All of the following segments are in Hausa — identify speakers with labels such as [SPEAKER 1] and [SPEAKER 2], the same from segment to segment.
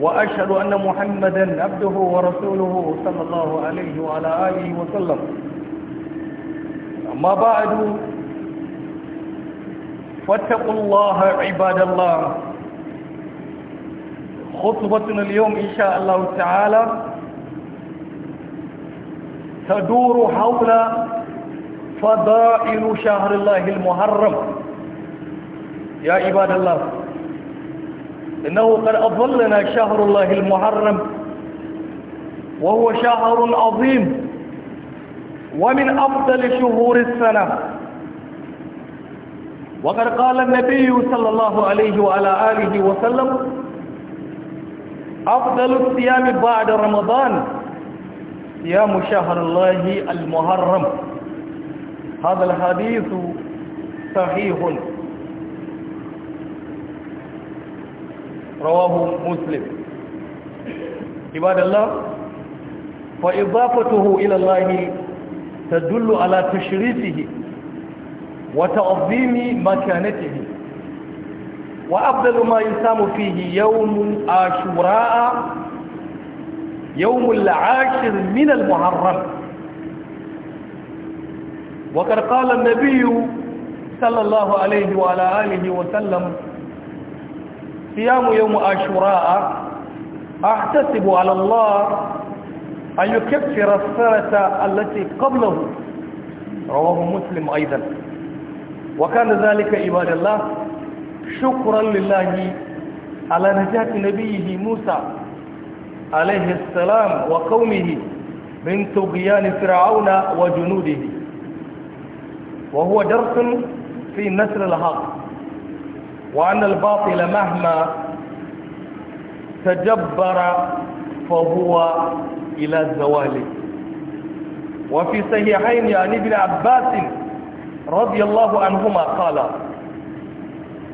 [SPEAKER 1] وأشهد أن محمدا عبده ورسوله صلى الله عليه وعلى آله وسلم أما بعد فاتقوا الله عباد الله خطبتنا اليوم إن شاء الله تعالى تدور حول فضائل شهر الله المحرم يا عباد الله إنه قد أظلنا شهر الله المحرم وهو شهر عظيم ومن أفضل شهور السنة وقد قال النبي صلى الله عليه وعلى آله وسلم أفضل الصيام بعد رمضان صيام شهر الله المحرم هذا الحديث صحيح رواه مسلم عباد الله فإضافته إلى الله تدل على تشريفه وتعظيم مكانته وأفضل ما يسام فيه يوم عاشوراء يوم العاشر من المحرم وقد قال النبي صلى الله عليه وعلى آله وسلم صيام يوم عاشوراء احتسب على الله ان يكفر السنه التي قبله رواه مسلم ايضا وكان ذلك عباد الله شكرا لله على نجاة نبيه موسى عليه السلام وقومه من طغيان فرعون وجنوده وهو درس في نسل الحق وأن الباطل مهما تجبر فهو إلى الزوال وفي صحيحين عن ابن عباس رضي الله عنهما قال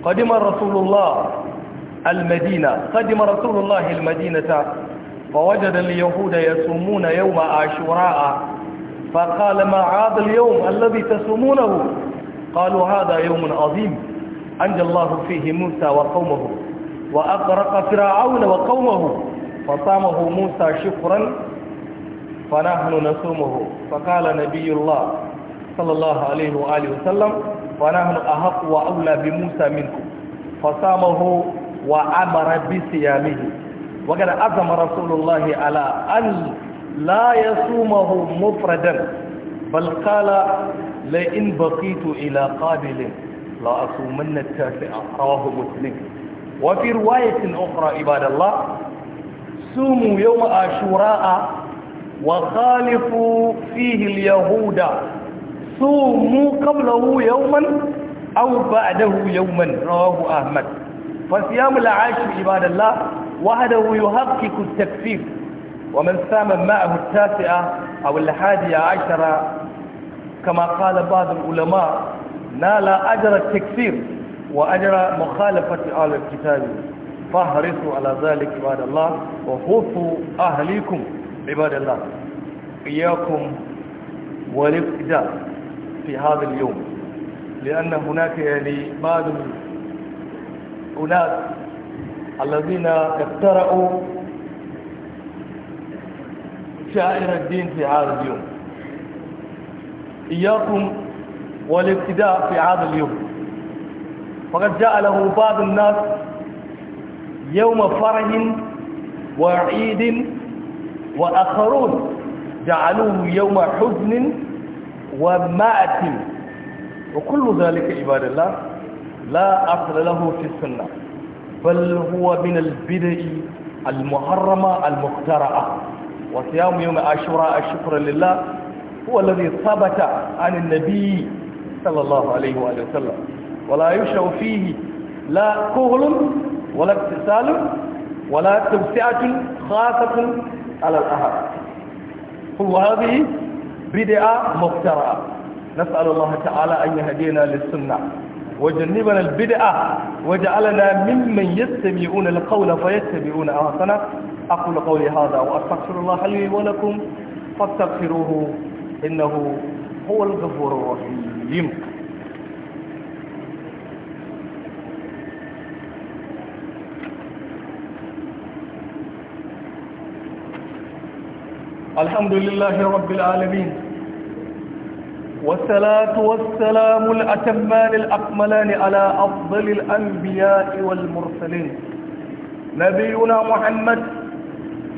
[SPEAKER 1] قدم رسول الله المدينة قدم رسول الله المدينة فوجد اليهود يصومون يوم عاشوراء فقال ما عاد اليوم الذي تصومونه قالوا هذا يوم عظيم أنجى الله فيه موسى وقومه وأغرق فرعون وقومه فصامه موسى شكرا فنحن نصومه فقال نبي الله صلى الله عليه وآله وسلم ونحن أحق وأولى بموسى منكم فصامه وأمر بصيامه وقد أزم رسول الله على أن لا يصومه مفردا بل قال لئن بقيت إلى قابل لا أصومن التاسعة رواه مسلم وفي رواية أخرى عباد الله صوموا يوم عاشوراء وخالفوا فيه اليهود صوموا قبله يوما أو بعده يوما رواه أحمد فصيام العاشر عباد الله وحده يحقق التكفير ومن سام معه التاسعة أو الحادية عشرة كما قال بعض العلماء نال أجر التكفير وأجر مخالفة آل الكتاب فاحرصوا على ذلك عباد الله وخوفوا أهليكم عباد الله إياكم والابتداء في هذا اليوم لأن هناك يعني بعض أناس الذين اخترعوا شائر الدين في هذا اليوم إياكم والابتداء في هذا اليوم فقد جاء له بعض الناس يوم فرح وعيد وآخرون جعلوه يوم حزن ومأت وكل ذلك عباد الله لا أصل له في السنة بل هو من البدع المحرمة المخترعة وصيام يوم عاشوراء شكرا لله هو الذي ثبت عن النبي صلى الله عليه وآله وسلم ولا يشعر فيه لا كهل ولا اتصال ولا توسعة خاصة على الأهل كل هذه بدعة مفترعة نسأل الله تعالى أن يهدينا للسنة وجنبنا البدعة وجعلنا ممن يستمعون القول فيتبعون أحسنه أقول قولي هذا وأستغفر الله لي ولكم فاستغفروه إنه هو الغفور الرحيم يهزمه الحمد لله رب العالمين والصلاة والسلام الأتمان الأكملان على أفضل الأنبياء والمرسلين نبينا محمد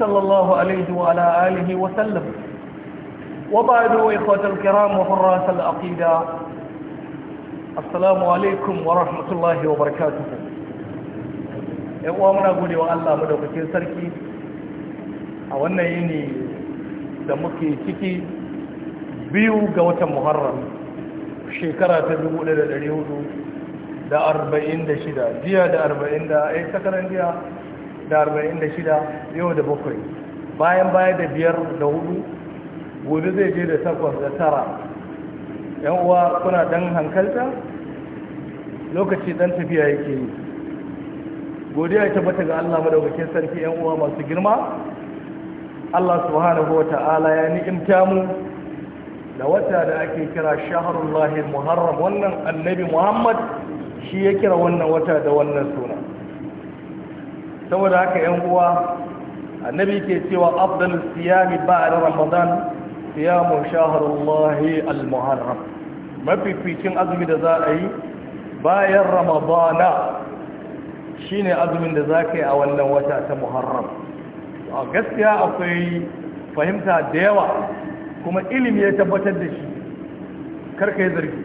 [SPEAKER 1] صلى الله عليه وعلى آله وسلم وبعد إخوة الكرام وحراس العقيدة السلام عليكم ورحمة الله وبركاته يقوى من أقول الله مدوك تنسركي أولا يني دمكي تكي بيو قوة محرم shekara ta dubu da da da dari hudu arba'in shida, jiya da arba'in da ai jiya da arba'in da shida, yau da bakwai bayan baya da biyar da hudu gobe zai je da takwas da tara yan uwa kuna dan hankalta lokaci dan tafiya yake yi godiya ta bata ga Allah madaukakin sarki yan uwa masu girma Allah subhanahu wa ta'ala ya ni'imta mu da wata da ake kira shaharullahi muharram wannan annabi muhammad shi ya kira wannan wata da wannan suna saboda haka yan uwa annabi ke cewa afdalus siyami ba'da ramadan siyamu shaharullahi al-muharram mafificin azumi da za a yi bayan ramadana shine azumin da za ka yi a wannan wata ta muharram a gaskiya akwai fahimta da yawa kuma ilimi ya tabbatar da shi karka yi zargi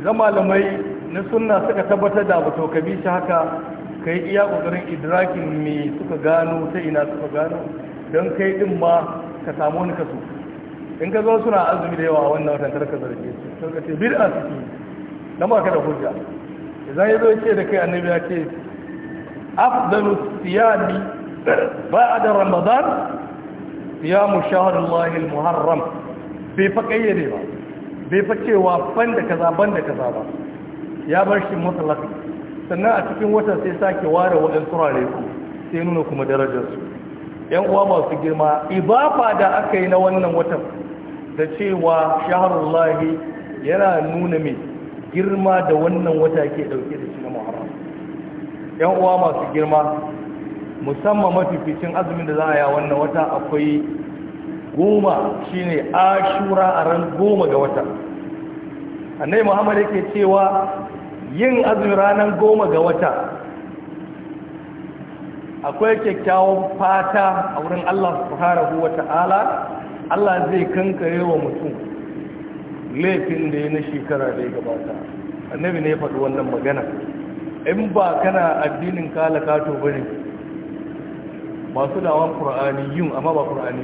[SPEAKER 1] idan malamai na sunna suka tabbatar da abu to ka bi shi haka ka yi iya ƙoƙarin idrakin me suka gano ta ina suka gano don kai din ma ka samu wani kaso in ka zo suna azumi da yawa a wannan watan karka zarge su sun ka ce bid'a suke dan ba ka da hujja idan ya zo ce da kai annabi ya ce afdalu siyami ba'da ramadan siyamu shahrullahi al-muharram bai fa kayyade ba bai fa cewa ban da kaza ban da kaza ba ya bar shi mutlaq sannan a cikin watan sai sake ware waɗansu rare sai nuna kuma darajarsu yan uwa masu girma ibafa da aka yi na wannan watan da cewa shaharullahi yana nuna mai girma da wannan wata ke dauke da shi na muharram yan uwa masu girma musamman mafificin azumin da za a yi wannan wata akwai goma shine ashura a ran goma ga wata annai muhammad yake cewa yin azumin ranar goma ga wata akwai kyakkyawan fata a wurin Allah subhanahu wa ta'ala Allah zai kankare wa mutum laifin da ya na shekara da ya gabata annabi ne ya faɗi wannan magana in ba kana addinin kala kato bane masu dawon qur'aniyun amma ba ba bane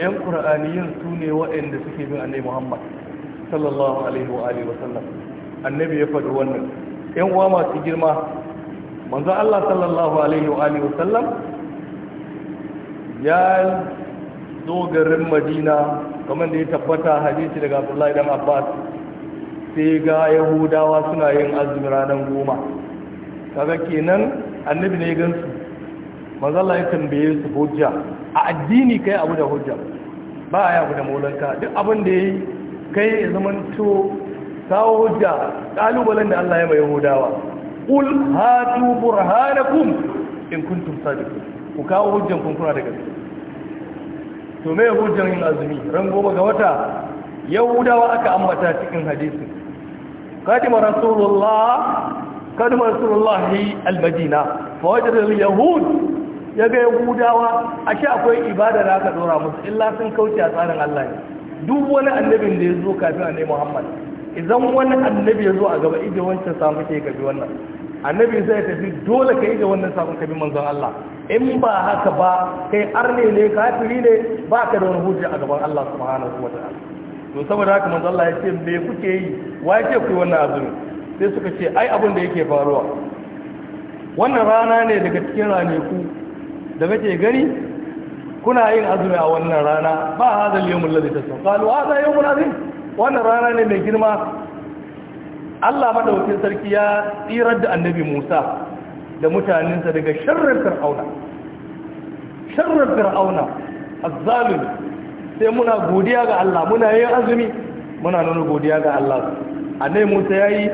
[SPEAKER 1] ƴan qur'aniyun su ne waɗanda suke bin annabi Muhammad sallallahu alaihi wa alihi wa sallam annabi ya faɗi wannan ƴan uwa masu girma manzo Allah sallallahu alaihi wa alihi wasallam ya zo garin Madina kamar da ya tabbata hadisi daga Abdullahi dan Abbas sai ga Yahudawa suna yin azumi ranar goma kaga kenan annabi ne ya su manzo Allah ya tambaye su hujja a addini kai abu da hujja ba a abu da maulanka duk abin da ya yi kai ya to kawo hujja ƙalubalen da Allah ya mai yahudawa kul hatu burhanakum in kuntum sadiqin ku kawo hujjan kun kuna da gaske to me hujjan yin azumi ran goma ga wata yahudawa aka ambata cikin hadisi kadima rasulullah kadima rasulullah al-madina fa wajada alyahud yaga yahudawa ashe akwai ibada da aka dora musu illa sun kauce a tsarin Allah ne duk wani annabin da ya zo kafin annabi Muhammad idan wani annabi ya zo a gaba idan wancan samu ke gabi wannan annabi sai tafi dole ka yi da wannan sabon kabin manzon Allah in ba haka ba kai arne ne kafiri ne ba ka da wani hujja a gaban Allah subhanahu wa ta'ala to saboda haka manzon Allah ya ce me kuke yi wa yake ku wannan azumi sai suka ce ai abin da yake faruwa wannan rana ne daga cikin raneku da kake gani kuna yin azumi a wannan rana ba hadal yawmul ladhi tasqalu hadha yawmul azim wannan rana ne mai girma Allah madaukakin sarki ya tsirar da annabi Musa da mutanensa daga Sharrar fir'auna Sharrar fir'auna azzalim sai muna godiya ga Allah muna yin azumi muna nuna godiya ga Allah annabi Musa ya yi,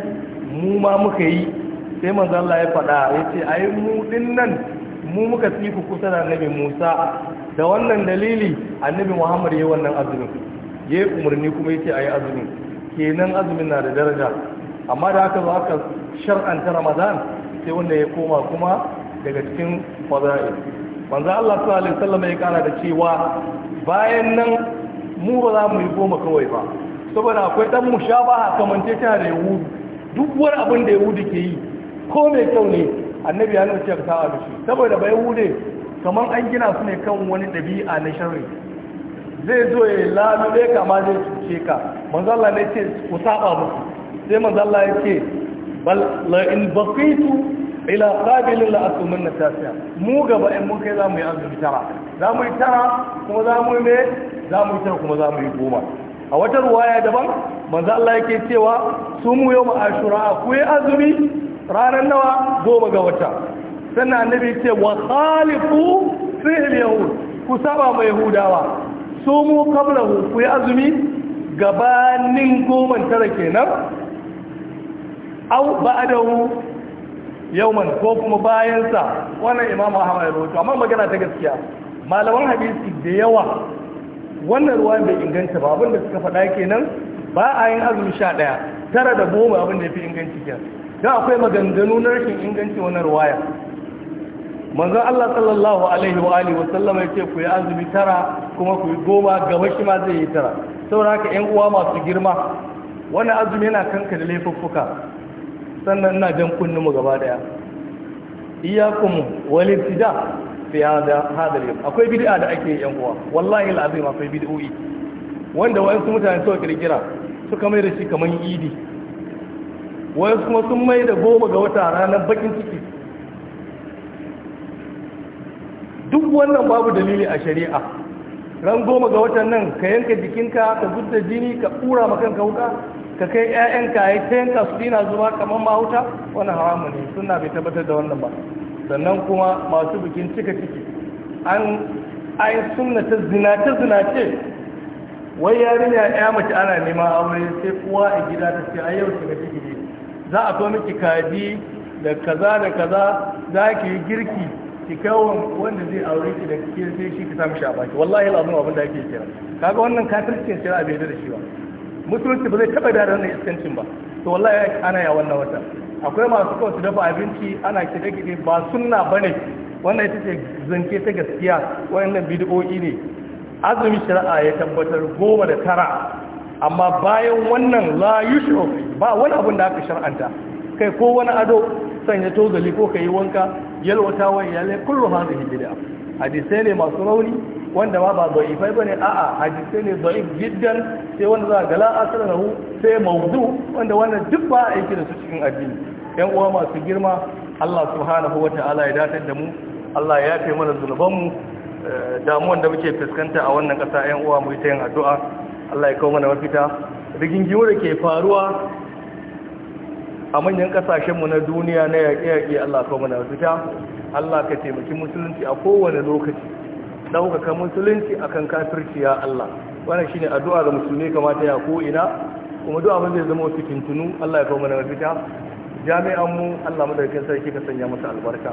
[SPEAKER 1] mu ma muka yi sai manzo Allah ya faɗa a yi mu nan, mu muka fi kusa da annabi Musa da wannan dalili annabi Muhammad yi wannan azumin Ya yi umarni kuma ya ce a yi azumin kenan azumin na da daraja amma da aka zo aka shar'anta ramadan sai wanda ya koma kuma daga cikin fada'i manzo Allah sallallahu alaihi wasallam ya kara da cewa bayan nan mu ba za mu yi goma kawai ba saboda akwai dan mushabaha kamance ta da yahudu duk wani abin da yahudu ke yi ko mai kyau ne annabi ya nuna cewa ta a shi? saboda ba ne, kamar an gina su ne kan wani dabi'a na sharri zai zo ya lalube ka ma zai cuce ka manzo Allah ne ce ku saba musu sai mazalla ya ce in bakitu ila qabilin la'asumin na tasiya mu gaba in mun kai za mu yi azumi tara za mu yi tara kuma za mu yi me za mu yi tara kuma za mu yi goma a wata ruwaya daban manzo Allah ke cewa su mu yau ashura ku yi azumi ranar nawa goma ga wata sannan annabi ce wa khalifu fi'l yahud ku saba mai hudawa su mu qablahu ku yi azumi gabanin goma tara kenan au ba ba'dahu yawman ko kuma bayansa sa wannan imamu ahmad rubutu amma magana ta gaskiya malaman hadisi da yawa wannan ruwan bai inganta ba abinda suka faɗa kenan ba a yin azumi sha ɗaya tara da goma abinda ya fi inganci kenan don akwai maganganu na rashin inganci wannan ruwaya manzon Allah sallallahu alaihi wa alihi wasallama yace ku yi azumi tara kuma ku yi goma gaba shi ma zai yi tara saboda haka ƴan uwa masu girma wannan azumi yana kanka da laifuffuka sannan ina jan kunni mu gaba daya iyakum walitida fi hada hada akwai bid'a da ake yan kuwa wallahi alazim akwai bid'o'i wanda wayansu mutane suka kirkira suka mai da shi kamar idi wayansu kuma sun mai da goma ga wata ranar bakin ciki duk wannan babu dalili a shari'a ran goma ga watan nan ka yanka jikinka ka gudda jini ka kura makanka wuka ka kai ƴaƴan a yi ta yanka su dina zuwa kamar mahuta wani haramu ne suna bai tabbatar da wannan ba sannan kuma masu bikin cika ciki an ai sunna ta zina ta zina ce wai yarinya ya mace ana neman aure sai uwa a gida ta ce ai yau shiga ciki ne za a kawo miki kaji da kaza da kaza za ki yi girki ki kawo wanda zai aure ki da kike sai shi ki samu shi a baki wallahi al'azum abin da ake kira kaga wannan sai a bai da shi ba musulunci ba zai taba da ranar iskancin ba to wallahi ana ya wannan wata akwai masu kawai su dafa abinci ana kide kide ba sunna ba ne wannan ita ce zance ta gaskiya wannan bid'o'i ne azumin shari'a ya tabbatar goma da tara amma bayan wannan la yushro ba wani abin da aka shar'anta kai ko wani ado sanya tozali ko ka yi wanka yalwata wa iyalai kullu hadhihi bid'a hadisai ne masu rauni wanda ma ba da'ifai ba ne a'a hadisai ne da'if jiddan sai wanda za a gala asar sai maudu wanda wannan duk ba aiki da su cikin addini yan uwa masu girma Allah subhanahu wa ta'ala ya datar da mu Allah ya yafe mana zunubanmu eh, damuwan da muke fuskanta a wannan ƙasa yan uwa mu ta yin addu'a Allah ya kawo mana mafita rigingimu da ke faruwa a manyan mu na duniya na yaƙe-yaƙe Allah kawo mana mafita Allah ka taimaki musulunci a kowane lokaci kan musulunci akan kafirci ya Allah wannan shine addu'a ga musulmi kamata ya ko ina kuma du'a mun zai zama tunu Allah ya kawo mana mafita jami'an mu Allah madaukakin sarki ka sanya masa albarka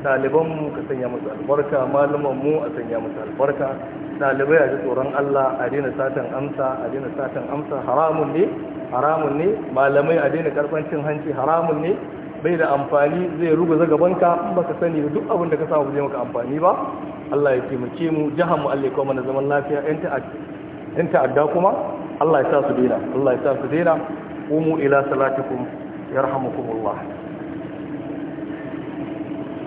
[SPEAKER 1] Daliban mu ka sanya masa albarka malaman mu a sanya masa albarka Dalibai a ji tsoron Allah a daina satan amsa a daina satan amsa haramun ne haramun ne malamai a daina karfancin cin hanci haramun ne bai da amfani zai ruguza gabanka banka baka sani da duk abin da ka samu zai maka amfani ba Allah ya taimake mu jihar mu Allah ya kawo mana zaman lafiya yan ta'adda kuma Allah ya sa su daina Allah ya sa su daina umu ila salatikum yarhamukumullah